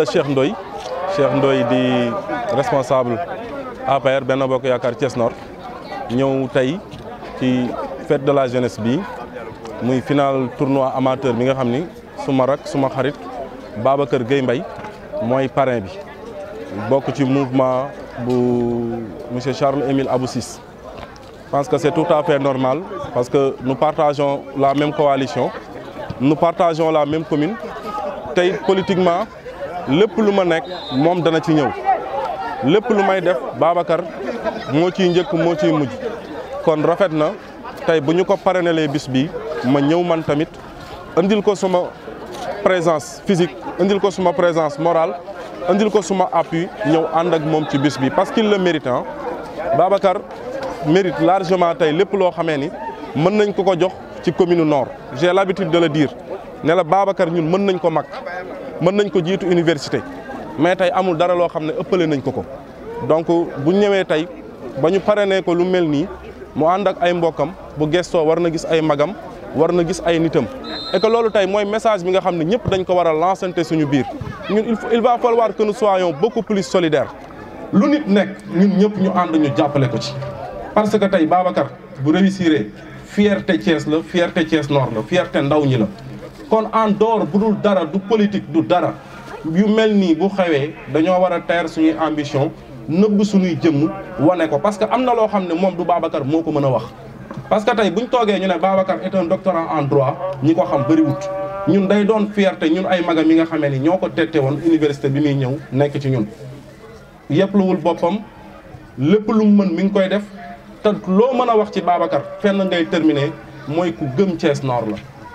la Cheikh Ndoy. Cheikh Ndoy di responsable APR Benno Bokk Yaakaar Thiès Nord ñëw tey ci fête de la jeunesse bi muy final tournoi amateur bi nga xam ni suma rak moi xarit Babacar Gueye Mbaye mooy parrain bi bokk ci mouvement bu monsieur Charles Émile Aboussis je pense que c'est tout à fait normal parce que nous partageons la même coalition nous partageons la même commune tey politiquement lepp luma nek mom dana ci ñew lepp lu may def babakar mo ci njëkk mo ci mujj kon rafetna na buñu ko parrainelee bis bi ma ñew man tamit andil ko suma présence physique andil ko suma présence morale andil ko suma appui ñew and ak mom ci bis bi parce qu'il le mérite hein. babakar mérite largement tay lepp lo xamé ni mën nañ ko ko jox ci commune nord j'ai l'habitude de le dire ne la babakar ñun mën nañ ko mak mën nañ ko jiitu université mais tey amul dara loo xam ne ëppale nañ ko ko donc bu ñëwee tey ba ñu parrainé ko lu mel nii mu ànd ak ay mbokkam bu gestoo war na gis ay magam war na gis ay nitam et que loolu tey mooy message mi nga xam ne ñëpp dañ ko war a lancer suñu biir ñun il va falloir que nous soyons beaucoup plus solidaires lu nit nekk ñun ñëpp ñu ànd ñu jàppale ko ci parce que tey Babacar bu réussir fierté Thiès la fierté Thiès Nord la fierté ndaw ñi la kon en dehors bu dul dara du politique du dara yu mel nii bu xewee dañoo war a teer suñuy ambition nëbb suñuy jëmm wane ko parce que am na loo xam ne moom du Babacar moo ko mën a wax. parce que tey bu ñu toogee ñu ne Babacar est un doctorant en droit ñi ko xam bëriwut ñun day doon fierté ñun ay magam yi nga xamee ni ñoo ko tette woon université bi muy ñëw nekk ci ñun. yëppluwul boppam lépp lu mu mën mi ngi koy def te loo mën a wax ci Babacar fenn ngay terminer mooy ku gëm Thiès Nord la.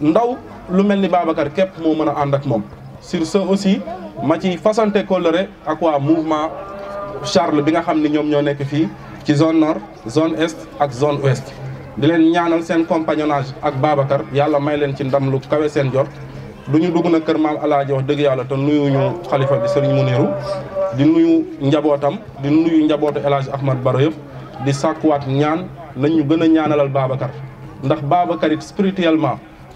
ndaw lu mel ni Babacar képp moo mën a ànd ak moom sur ce aussi ma ci fasante coloré ak waa mouvement Charles bi nga xam ni ñoom ñoo nekk fii ci zone nord zone est ak zone ouest di leen ñaanal seen compagnonnage ak Babacar yàlla may leen ci ndam lu kawe seen jot du ñu dugg na kër maam alaaji wax dëgg yàlla te ñu xalifa di bi sëriñ Muniru di nuyu njabootam di nuyu njabootu El Hadj Ahmad Baro yëpp di sàkkuwaat ñaan nañ ñu gën a ñaanalal Babacar ndax Babacar it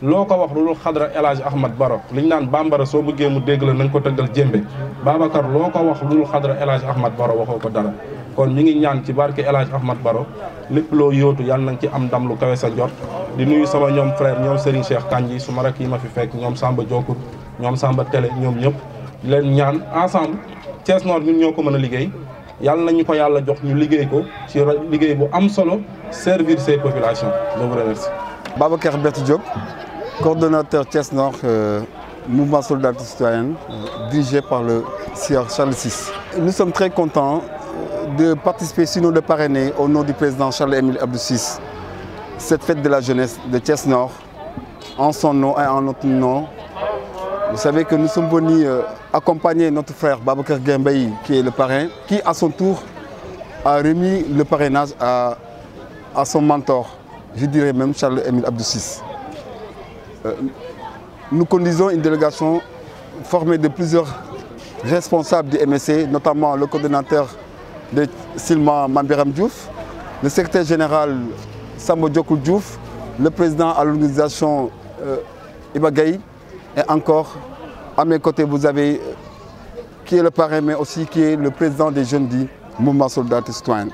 loo ko wax lu dul xadra El Hadj Ahmad Baro li ñu naan bambara soo bëggee mu dégg la na nga ko tëggal jémbe Babacar loo ko wax lu dul xadra El Hadj Ahmad Baro waxoo ko dara kon ñu ngi ñaan ci barke El Hadj Ahmad Baro lépp loo yootu yàlla nañ nga ci am ndam lu kawe sa jot di nuyu sama ñoom frère ñoom Serigne Cheikh Kandji su ma rek yi ma fi fekk ñoom Samba Diokour ñoom Samba Télé ñoom ñëpp di leen ñaan ensemble Thiès Nord ñun ñoo ko mën a liggéey yàlla nañu ko yàlla jox ñu liggéey ko ci liggéey bu am solo servir ces populations je vous remercie Babacar Berti Diop coordonnateur Thiès Nord, euh, mouvement Soldat citoyenne, dirigé par le Sieur Charles VI. Nous sommes très contents euh, de participer, sinon de parrainer, au nom du président Charles-Émile Abdou cette fête de la jeunesse de Thiès Nord, en son nom et en notre nom. Vous savez que nous sommes venus euh, accompagner notre frère Babacar Gembayi, qui est le parrain, qui à son tour a remis le parrainage à, à son mentor, je dirais même Charles-Émile Abdou euh, nous conduisons une délégation formée de plusieurs responsables du MSC, notamment le coordonnateur de Silma Mambiram Diouf, le secrétaire général Sambo Djokou Diouf, le président à l'organisation euh, Ibagaï, et encore, à mes côtés, vous avez euh, qui est le parrain, mais aussi qui est le président des jeunes du mouvement soldat citoyen.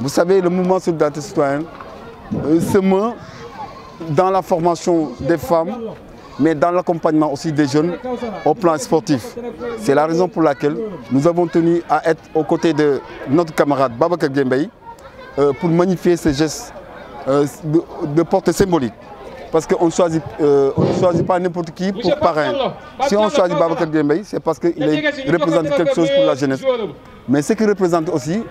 Vous savez, le mouvement soldat citoyen, c'est moi dans la formation des femmes, mais dans l'accompagnement aussi des jeunes au plan sportif. C'est la raison pour laquelle nous avons tenu à être aux côtés de notre camarade Baba Gembei euh, pour magnifier ce gestes euh, de, porte symbolique. Parce qu'on euh, ne choisit, pas n'importe qui pour parrain. Si on choisit Babaka Gembei, c'est parce qu'il représente quelque chose pour la jeunesse. Mais ce qu'il représente aussi,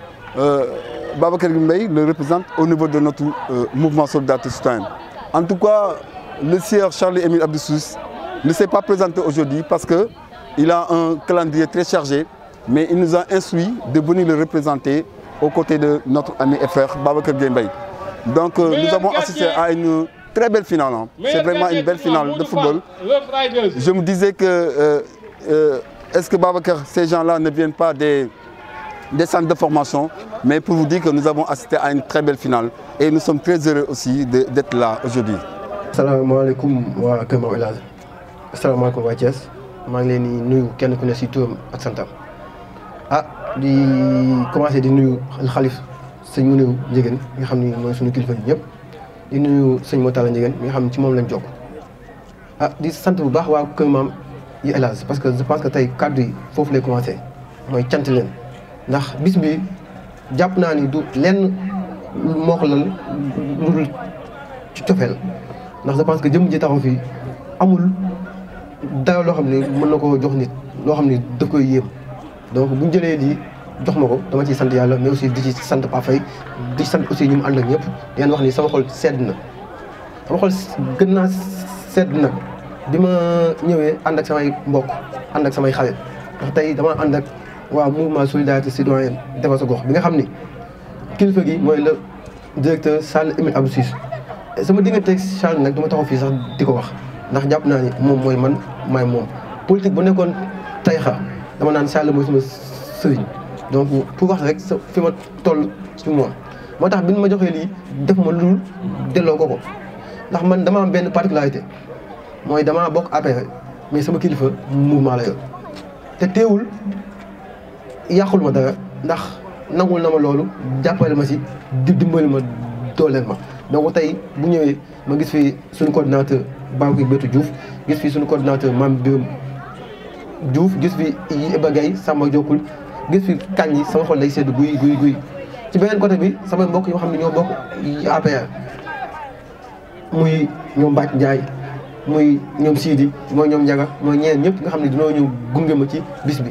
Babaka Gembei le représente au niveau de notre mouvement soldat citoyen. En tout cas, le sieur charles emile Abdoussous ne s'est pas présenté aujourd'hui parce qu'il a un calendrier très chargé, mais il nous a instruit de venir le représenter aux côtés de notre ami FR, Babacar Donc euh, nous avons assisté à une très belle finale. Hein. C'est vraiment une belle finale de football. Je me disais que euh, euh, est-ce que Babacar, ces gens-là ne viennent pas des des centres de formation, mais pour vous dire que nous avons assisté à une très belle finale et nous sommes très heureux aussi d'être là aujourd'hui. Assalamu alaikum wa Kama Elaz. Assalamu alaikum wa Thiès. Je suis leen nuyu kenn ku si santam ah di commencé di nuyu xalif sëñ mu nuyu njëgën mi nga xam ni mooy suñu kilifa ñëpp di nuyu sëñ Motala njëgën nga xam ci lañ ah di sant bu baax waa yi parce que je pense que tey kàddu yi foofu commencé à cant ndax bis bi jàpp naa ni du lenn moo ko lal lu dul ci ndax de pense que jëm ji taxaw fii amul dara loo xam ne mën na koo jox nit loo xam ne daf koy yéem donc bu ñu jëlee lii jox ma ko dama ci sant yàlla mais aussi di ci sant Pape di sant aussi ñu mu ànd ak ñëpp di leen wax ni sama xol sedd na sama xol gën naa sedd na bi ma ñëwee ànd ak samay mbokk ànd ak samay xarit ndax tey dama ànd ak waaw mouvement si citoyen defar sa gox bi nga xam ni kilifa gi mooy la directeur Sall Emile Abdou Ciss sama teg change nag du ma taxaw fii sax di ko wax ndax jàpp naa ni moom mooy man maay moom politique bu nekkoon tayxa dama naan Sall mooy suma sëriñ donc pour wax rek sa fi ma toll ci moom moo tax bi ma joxee lii def ma lu delloo ko ko ndax man dama benn particularité mooy damaa bokk APR mais sama kilifa mouvement la yor te teewul yàqul ma dara ndax nangul na ma loolu jàppale ma si di dimbali ma dooleel ma donc tey bu ñëwee ma gis fi suñu coordinateur Babacar Bétou juuf gis fi suñu coordinateur Mame Biram Diouf gis fi Iba Gaye Samba Diokul gis fi kañ yi sama xol lay sedd guy guy ci beneen côté bi sama mbokk yoo xam ne ñoo bokk APR muy ñoom Mbacke Ndiaye muy ñoom Sidi mooy ñoom Ndiaga mooy ñeen ñëpp nga xam ne dañoo ñëw gunge ma ci bis bi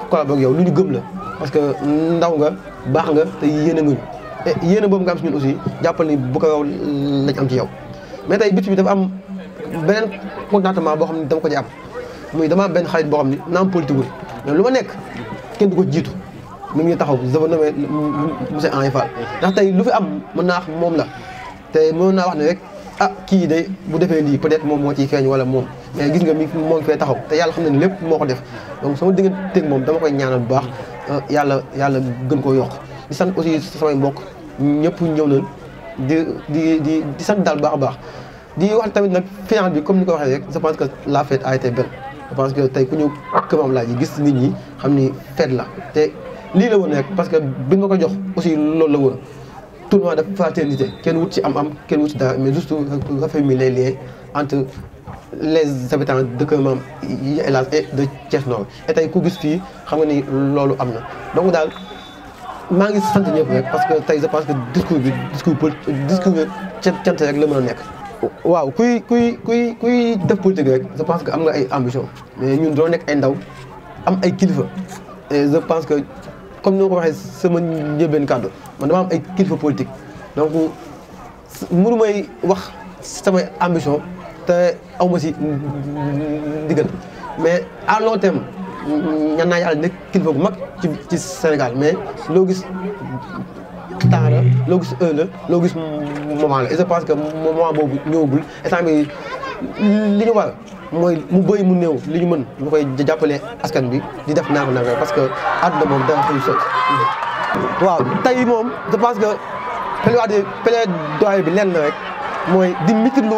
collabo ak yow lu ñu gëm la parce que ndaw nga baax nga te yéene nga ñu te yéene boobu nga am si ñun aussi jàppal ni bu ko lañ am ci yow mais tey bit bi dafa am beneen contentement boo xam ne dama ko ci am muy dama am benn xarit boo xam ne naam politique wul mais lu ma nekk kenn du ko jiitu mi ngi taxaw je me nomme monsieur Henri Fall ndax tey lu fi am mën naax wax moom la te mën naa wax ne rek ah kii de bu defee lii peut-être moom moo ciy feeñ wala moom mais eh, gis nga mi moo ngi fee taxaw te yàlla xam na ne lépp ko def donc sama digganteeg moom dama koy ñaanal bu baax eh, yàlla yàlla gën koo yokk sant aussi samay mbokk ñëpp ñëw nañ di di di di daal baax a baax di wax tamit nag finance bi comme ni ko waxee rek je que a été belle je pense que ku ñëw këmam laa ji gis nit ñi xam ni fête la te lii la woon rek parce que bi nga ko jox aussi loolu la woon tout le monde de fraternité kenn wut ci am am kenn wut ci dara mais juste rafet mi lay lié entre les habitants de Kër Maam Elhadj et de Thiès Nord et tey ku gis fii xam nga ni loolu am na donc daal maa ngi sant ñëpp rek parce que tey je pense que discours bi discours pol discours bi rek la mën a nekk. waaw kuy kuy kuy kuy def politique rek je pense que am nga ay ambition mais ñun doo nekk ay ndaw am ay kilifa et je pense que comme ni ma ko waxee sama njëlbeen kàddu man dama am ay kilifa politique donc mënu may wax samay ambition. te aw ma si ndigal mais à long terme ñaan naa yàlla nekk kilifa gu mag ci Sénégal mais loo gis temps la loo gis heure la loo gis moment la et je pense que boobu ñëwagul gul bi li ñu war mooy mu bëri mu néew li ñu mën ñu koy jàppale askan bi di def naako naako parce que àdduna moom dara xëy sot waaw tey moom je pense que plaidoyer plaidoyer bi lenn rek mooy di mitirlu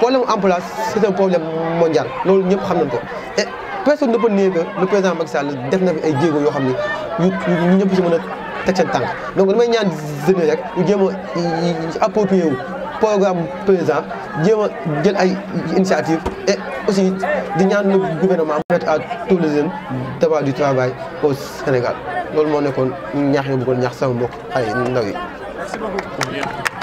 problème emploi c'est un problème mondial loolu ñëpp xam nañ ko et personne ne peut nier que le président Macky Sall def na fi ay jéego yoo xam ne ñëpp si mën a teg seen tànk donc damay ñaan jeunes rek ñu jéem a approprié wu programme président jéem a jël ay initiative et aussi di ñaan le gouvernement mettre à tous les jeunes devant du travail au Sénégal loolu moo nekkoon ñaax yoo bëggoon ñaax sama mbokk ay ndaw yi